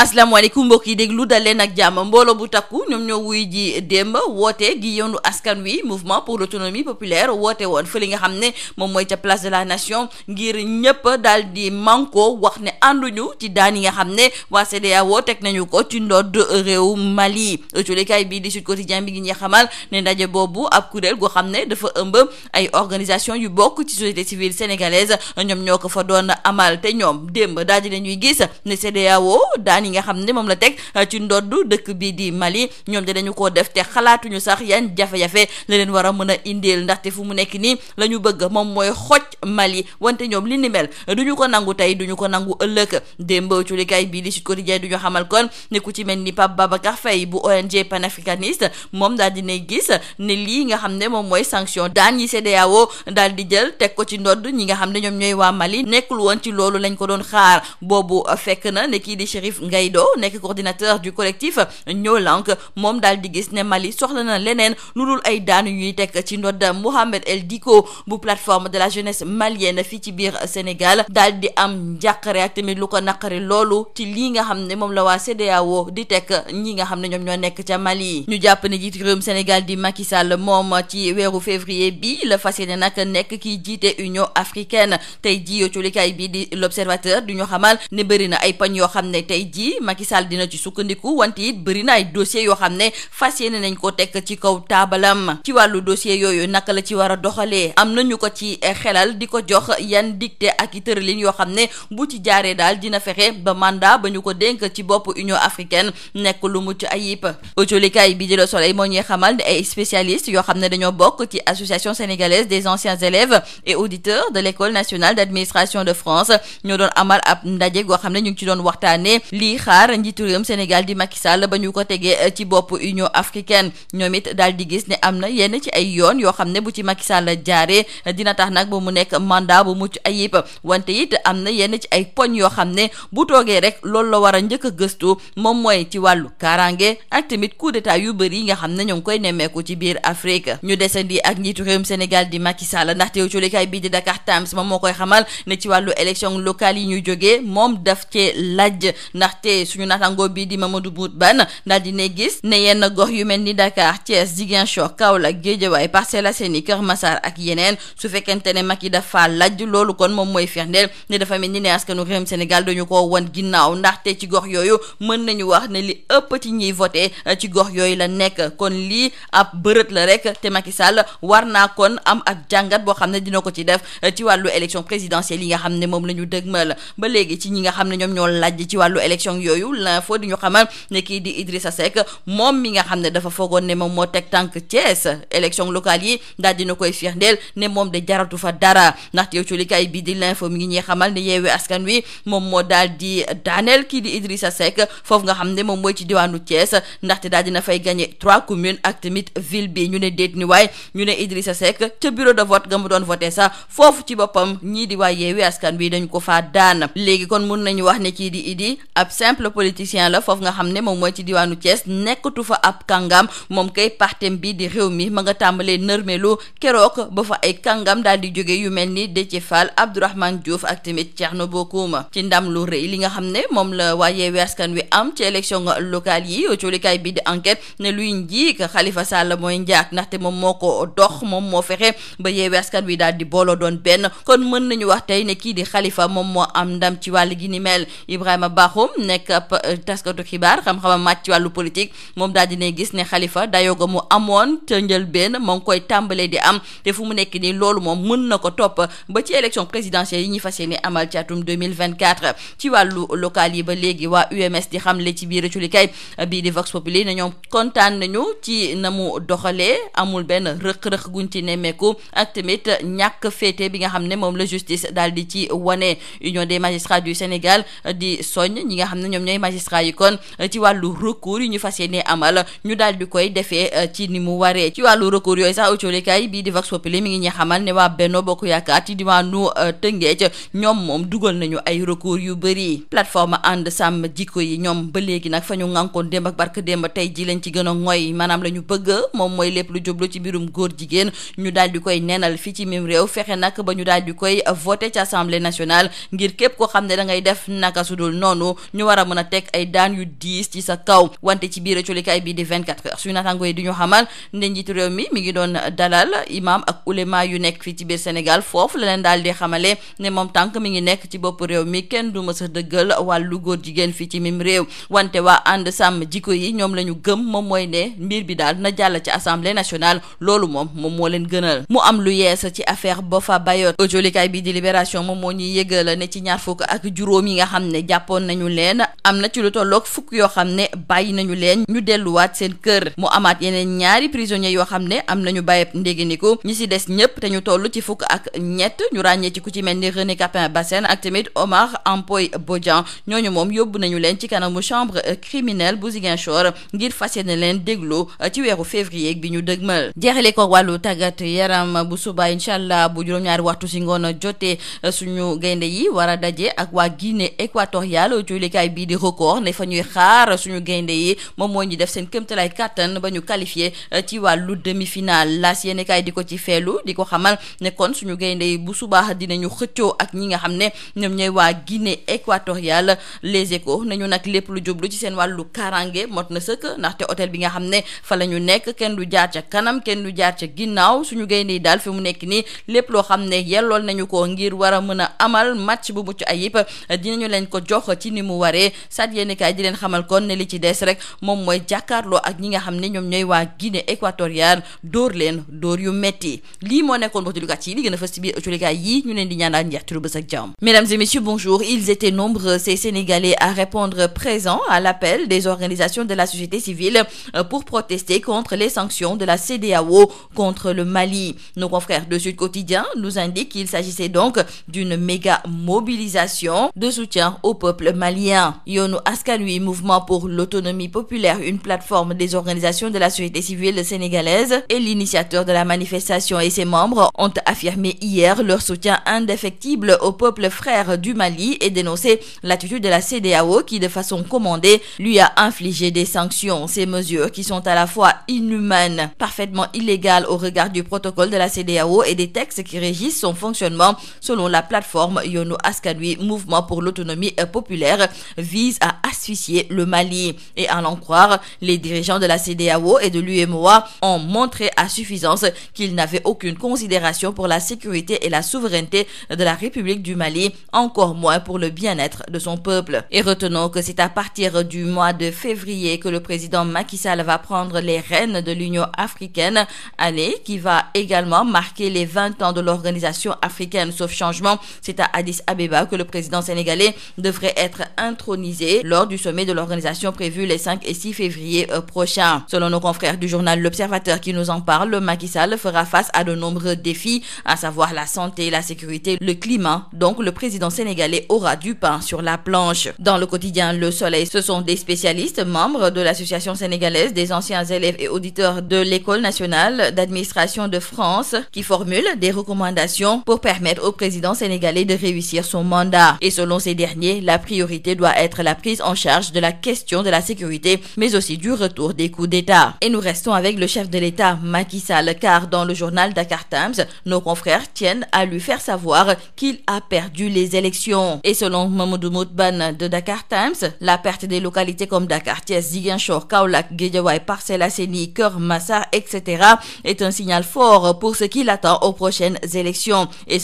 asalaamaaleykum mbokk yi déglu dal leen nag jàmm mbooloo bu takku ñoom ñoo wuy ji démb woote gi yoonu askan wi mouvement pour l'autonomie populaire woote woon fële nga xam ne moom mooy ca place de la nation ngir ñëpp daal di manko wax ne ànduñu ci daan yi nga xam ne waa CEDEAO teg nañu ko ci ndodd réew Mali ëccolikaay bii di Sud Quotidien bi gi ñuy xamal ne ndaje boobu ab kuréel goo xam ne dafa ëmb ay organisation yu bokk ci société civile sénégalaise ñoom ñoo ko fa doon amal te ñoom démb daal di nañuy yi nga xam ne moom la teg euh, ci ndoddu dëkk bi di Mali ñoom de dañu koo def te xalaatuñu sax yan jafe-jafe la leen war a mën a ndax te fu mu nekk nii la ñu bëgg moom mooy xoj Mali wante ñoom li ni mel duñu ko nangu tey duñu ko nangu ëllëg démb culikaay bii di Sud Quotidien duñu xamal kon ne ku ci mel ni Pape Babacar Faye bu ONG panafricaniste moom daal dina gis ne lii nga xam ne moom mooy sanction daan yi CEDEAO dal di jël teg ko ci ndodd ñi nga xam ne ñoom ñooy waa Mali nekkul woon ci loolu lañ ko doon xaar boobu fekk na ne di Chérif Ngay Gaydo nekk coordinateur du collectif ñoo lank moom daal di gis ne Mali soxla na leneen lu dul ay daan ñuy teg ci ndodd Mohamed El Diko bu plateforme de la jeunesse malienne fii ci biir Sénégal daal di am njàqare ak tamit lu ko naqari loolu ci lii nga xam ne moom la waa CEDEAO di teg ñi nga xam ne ñoom ñoo nekk ca Mali ñu jàpp ne jiitu réewum Sénégal di Macky Sall moom ci weeru février bi la fas yéene nag nekk kiy jiite Union africaine tey jii yoo xam yi Macky Sall dina ci sukkandiku wante it bëri na ay dossiers yoo xam ne fas yéene nañ ko teg ci kaw taabalam ci wàllu dossier yooyu naka la ci war a doxalee am nañu ko ci eh, xelal di ko jox yan dicté ak i tëralin yoo xam ne bu ci jaaree daal dina fexe ba mandat ba ñu ko dénk ci bopp Union africaine nekk lu mucc ayib ëcolikaay bi di Le Soleil moo ñuy xamal ne ay spécialistes yoo xam ne dañoo bokk ci association sénégalaise des anciens élèves et de l'école nationale d'administration de France ñoo doon amal ab ndaje goo xam ne ñu ngi ci doon waxtaanee lii xaar njiitu réewum Sénégal di Macky Sall ba ñu ko tegee eh, ci bopp Union africaine ñoom it daal di gis ne am na yenn ci ay yoon yoo xam ne bu ci Macky Sall jaaree eh, dina tax nag ba mu nekk mandat bu mucc ayib wante it am na yenn ci ay poñ yoo xam ne bu toogee rek loolu la war a njëkk gëstu moom mooy ci wàllu kaaraange ak tamit coup d'état yu bëri yi nga xam ne ñoo ngi koy nemmeeku ci biir Afrique ñu desandi ak njiitu réewum Sénégal di Macky Sall ndaxte yow colikaay bii di Dakar Times moom moo koy xamal ne ci wàllu élection locale yi ñu jógee moom daf cee lajj ndax te suñu naataango bii di ma Mamadou Bout Bane daal di ne gis ne yenn gox yu mel ni Dakar Thiès Ziguinchor Kaolack Guédiawaye Parcelles Assainies Kër Massar ak yeneen su fekkente ne mag Macky dafa lajj loolu kon moom mooy firndeel ne dafa mel ni ne askanu réewum Sénégal dañu ko won ginnaaw te ci gox yooyu mën nañu wax ne li ëpp ci ñiy voté eh, ci gox yooyu la nekk kon lii ab bërët la rek te Macky Sall war naa kon am ab jàngat boo xam ne dina ko ci def eh, ci wàllu élection présidentielle yi nga xam ne moom la ñu dëgmal ba léegi ci ñi nga xam ne ñoom ñoo lajj ci wàllu élection information yooyu l'info di ñu xamal ne kii di Idrissa Seck moom mi nga xam ne dafa foogoon ne moom moo teg tànk Thiès élection locale yi daal dina koy firndeel ne moom de jaratu fa dara ndaxte yow culikaay bi di l'info mi ngi ñuy xamal ne yeewee askan wi moom moo daal di daaneel kii di sa Seck foofu nga xam ne moom mooy ci diwaanu ndax ndaxte daal dina fay gagné trois communes ak tamit ville bi ñu ne déet ni waay ñu ne Idrissa Seck ca bureau de vote nga mu doon voté sax foofu ci boppam ñii di waay yeewee askan wi dañ ko faa daan léegi simple politicien la foofu nga xam ne moom mooy ci diwaanu Thiès nekkatu fa ab kàngam moom kay partem bi di réew mi ma nga tàmbalee nërmelu keroog ba fa ay kàngam daal di jóge yu mel ni Déthié Fall Abdourahmane Diouf ak tamit Thierno ma ci ndam lu rëy li nga xam ne moom la waa Yewwi Askan Wi am ci élection locale yi coolikaay bi di enquête ne luy njiig xalifa Sall mooy njaag ndaxte moom moo ko dox moom moo fexe ba Yewwi Askan Wi daal di booloo doon benn kon mën nañu wax tey ne kii di Khalifa moom moo am ndam ci wàll gi Ibrahima Bakhoum nekk ab euh, taskatu xibaar xam-xamam màcc ci wàllu politique moom daal dinay gis ne Khalifa dayoo ga mu amoon te njëlbéen moo koy tàmbalee di am te fu mu nekk nii loolu moom mën na ko topp ba ci élection présidentielle yi ñuy fas yéene amal ci atum 2024 ci wàllu local yi ba léegi waa UMS di xamle ci biir culikay bii di Vox Populi na ñoom kontaan nañu ci na mu doxalee amul benn rëq-rëq guñ ci nemmeeku ak tamit ñàkk féete bi nga xam ne moom la justice daal di ci wane Union des magistrats du Sénégal xam ne ñoom ñooy magistrat yi kon euh, ci wàllu recours yu ñu fas yéene amal ñu daal di koy defee euh, ci ni mu waree ci wàllu recours yooyu sax autolikaay bii di Vox Populi mi ngi ñuy xamal ne waa Benno Bokk Yaakaar ci diwaanu euh, Tëngéej ñoom moom dugal nañu ay recours yu bëri plateforme ànd sàmm jikko yi ñoom ba léegi nag fa ñu ngànkoon démb ak barke démb tey ji lañ ci gën a ngoy maanaam la ñu bëgg moom mooy lépp lu jublu ci mbirum góor jigéen ñu daal di koy neenal fii ci mim réew fexe nag ba ñu daal di koy voté ci assemblée nationale ngir képp koo xam ne da ngay def war a mën a teg ay daan yu diis ci sa kaw wante ci biir colikaay bii di 24 heures suñu naataango yi di ñu xamal ne njiitu réew mi mi ngi doon dalal imam ak ulema yu nekk fii ci biir Sénégal foofu la leen xamale ne moom tànk mi ngi nekk ci bopp réew mi kenn du ma sa dëggal wàllu góor jigéen fii ci mim réew wante waa ànd sàmm jikko yi ñoom la ñu gëm moom mooy ne mbir bi daal na jàll ci assemblée nationale loolu moom moom moo leen gënal na am na ci lu tolloog fukk yoo xam ne bàyyi nañu leen ñu delluwaat seen kër mu amaat yeneen ñaari prisonniers yoo xam ne am nañu bàyyeb ndéginiku ñi si des ñëpp te ñu toll ci fukk ak ñett ñu ràññee ci ku ci mel ni René Capin Bassène ak tamit Omar Ampoy Bodian ñooñu moom yóbbu nañu leen ci kanamu chambre criminelle bu Ziguinchor ngir fas yéene leen déglu ci weeru février bi ñu ma jeexale ko wàllu tàggat yaram bu suba incha allah bu juróom-ñaari waxtu si ngoon jotee suñu gaynde yi war a daje yéenekaay bii di record ne fa ñuy xaar suñu gaynde yi moom moo ñi def seen këmtalaay kàttan ba ñu qualifié euh, ci wàllu demi-finale laas yéenekaay di ko ci feelu di ko xamal ne kon suñu gaynde yi bu subaax dinañu xëccoo ak ñi nga xam ne ñoom ñooy waa Guinée équatoriale les échos nañu nag lépp lu jublu ci seen wàllu karange mot na sëkk ndaxte hôtel bi nga xam ne fa la ñu nekk kenn du jaar ca kanam kenn du jaar ca ginnaaw suñu gaynde yi daal fi mu nekk nii lépp loo xam ne yellool nañu ko ngir war mën a amal match bu mucc ayib dinañu loolee saat yéen kaay di leen xamal kon ne li ci des rek moom mooy jàkkaarloo ak ñi nga xam ne ñoom ñooy waa Guinée équatoriale dóor leen dóor yu a mesdames et messieurs bonjour ils étaient nombreux ces Sénégalais à répondre présent à l'appel des organisations de la société civile euh, pour protester contre les sanctions de la CEDEAO contre le Mali nos confrères de Sud Quotidien nous indiquent qu'il s'agissait donc d'une méga de soutien au peuple malien 2021 yoonu askan wi mouvement pour l'autonomie populaire une plateforme des organisations de la société civile sénégalaise et l'initiateur de la manifestation et ses membres ont affirmé hier leur soutien indéfectible au peuple frère du Mali et dénoncé l'attitude de la CEDEAO qui de façon commandée lui a infligé des sanctions ces mesures qui sont à la fois inhumaines parfaitement illégales au regard du protocole de la CEDEAO et des textes qui régissent son vise à asphyxier le Mali. Et à l'en croire, les dirigeants de la CDAO et de l'UMOA ont montré à suffisance qu'ils n'avaient aucune considération pour la sécurité et la souveraineté de la République du Mali, encore moins pour le bien-être de son peuple. Et retenons que c'est à partir du mois de février que le président Macky Sall va prendre les rênes de l'Union africaine, année qui va également marquer les 20 ans de l'organisation africaine sauf changement. C'est à intronisé lors du sommet de l'organisation prévu les et février euh, prochains. Selon nos confrères du journal L'Observateur qui nous en parle, Macky Sall fera face à de nombreux défis, à savoir la santé, la sécurité, le climat. Donc le président sénégalais aura du pain sur la planche. Dans le quotidien Le Soleil, ce sont des spécialistes, membres de l'Association sénégalaise des anciens élèves et auditeurs de l'École nationale d'administration de France qui formulent doit être la prise en charge de la question de la sécurité, mais aussi du retour des coups d'État. Et nous restons avec le chef de l'État, Macky car dans le journal Dakar Times, nos confrères tiennent à lui faire savoir qu'il a perdu les élections. Et selon Mamadou Moutban de Dakar Times, la perte des localités comme Dakar, Thiès, Ziguinchor, Kaolack, Guédiawaye, Parcelles Assainies, Keur etc. est un signal fort pour ce qu'il attend aux prochaines élections. Et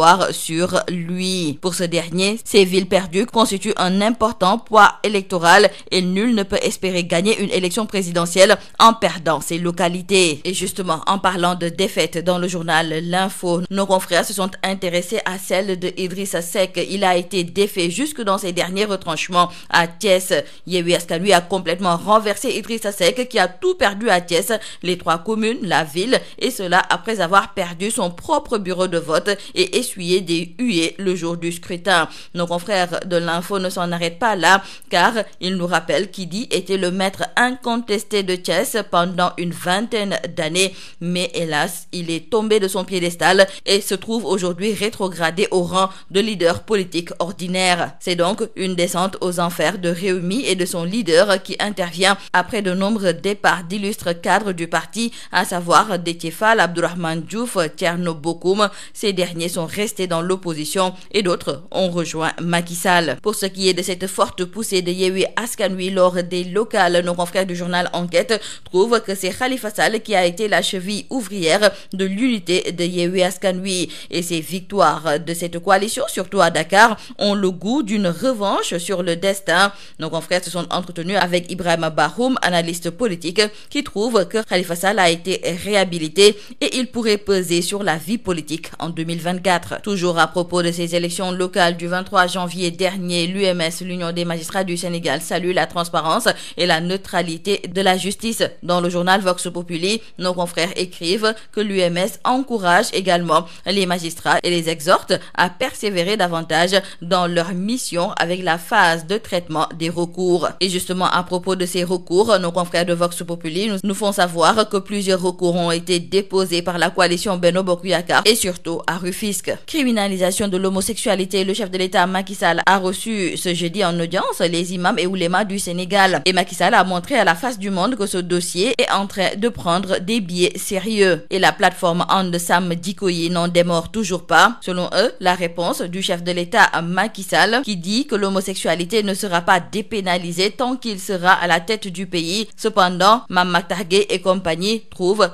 espoirs sur lui. Pour ce dernier, ces villes perdues constituent un important poids électoral et nul ne peut espérer gagner une élection présidentielle en perdant ces localités. Et justement, en parlant de défaite dans le journal L'Info, nos confrères se sont intéressés à celle de Idrissa Seck. Il a été défait jusque dans ses derniers retranchements à Thiès. Yewwi Askan Wi a complètement renversé Idrissa Seck qui a tout perdu à Thiès, les trois communes, la ville essuyer des huées le jour du scrutin. Nos confrères de l'info ne s'en arrêtent pas là, car ils nous rappellent qu'Idy était le maître incontesté de Thiès pendant une vingtaine d'années, mais hélas, il est tombé de son piédestal et se trouve aujourd'hui rétrogradé au rang de leader politique ordinaire. C'est donc une descente aux enfers de Réumi et de son leader qui intervient après de nombreux départs d'illustres cadres du parti, à savoir Déthié Fall, Abdourahmane restés dans l'opposition et d'autres ont rejoint Macky Sall. Pour ce qui est de cette forte poussée de Yewwi Askan lors des locales, nos confrères du journal Enquête trouvent que c'est Khalifa qui a été la cheville ouvrière de l'unité de Yewwi Askan et ces victoires de cette coalition, surtout à Dakar, ont le goût d'une revanche sur le destin. Nos confrères se sont entretenus avec Ibrahima Bahoum, analyste politique, qui trouve que Khalifa a été réhabilité ministres. Toujours à propos de ces élections locales du 23 janvier dernier, l'Union des magistrats du Sénégal, salue la transparence et la neutralité de la justice. Dans le journal Vox Populi, nos confrères écrivent que l'UMS encourage également les magistrats et les exhorte à persévérer davantage dans leur mission avec la phase de traitement des recours. Et justement, à propos de ces recours, nos confrères de Vox Populi nous, font savoir que plusieurs recours ont risque. Criminalisation de l'homosexualité. Le chef de l'État Macky Sall a reçu ce jeudi en audience les imams et oulémas du Sénégal. Et Macky a montré à la face du monde que ce dossier est en train de prendre des biais sérieux. Et la plateforme And Sam Dikoyi n'en démord toujours pas. Selon eux, la réponse du chef de l'État Macky qui dit que l'homosexualité ne sera pas dépénalisée tant qu'il sera à la tête du pays. Cependant, Mamak Targué et compagnie trouvent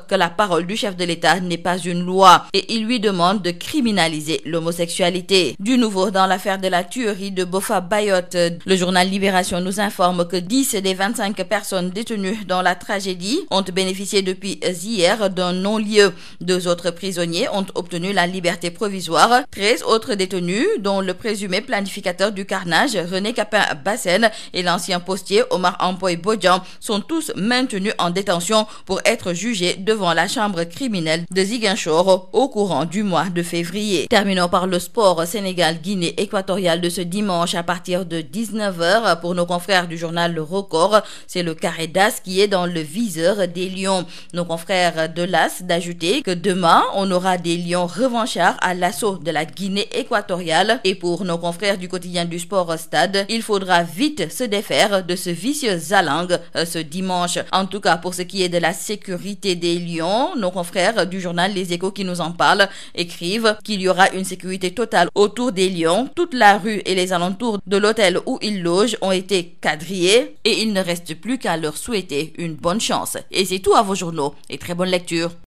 criminaliser l'homosexualité. Du nouveau, dans l'affaire de la tuerie de Bofa Bayotte, le journal Libération nous informe que 10 des 25 personnes détenues dans la tragédie ont bénéficié depuis hier d'un non-lieu. Deux autres prisonniers ont obtenu la liberté provisoire. 13 autres détenus, dont le présumé planificateur du carnage, René Capin-Bassène, et l'ancien postier Omar Ampoy Bodjan, sont tous maintenus en détention pour être jugés devant la chambre février. Terminons par le sport Sénégal-Guinée équatoriale de ce dimanche à partir de 19h pour nos confrères du journal Le Record. C'est le carré d'As qui est dans le viseur des Lions. Nos confrères de l'As d'ajouter que demain, on aura des Lions revanchards à l'assaut de la Guinée équatoriale. Et pour nos confrères du quotidien du sport Stade, il faudra vite se défaire de ce vicieux zalang euh, ce dimanche. En tout cas, pour ce qui est de la sécurité des y une sécurité totale autour des lions. Toute la rue et les alentours de l'hôtel où ils logent ont été quadrillés et il ne reste plus qu'à leur souhaiter une bonne chance. Et c'est tout à vos journaux et très bonne lecture.